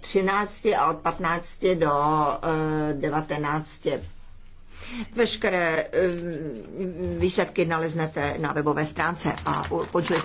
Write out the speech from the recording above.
13 a od 15 do 19. Eh, Veškeré eh, výsledky naleznete na webové stránce a počujete.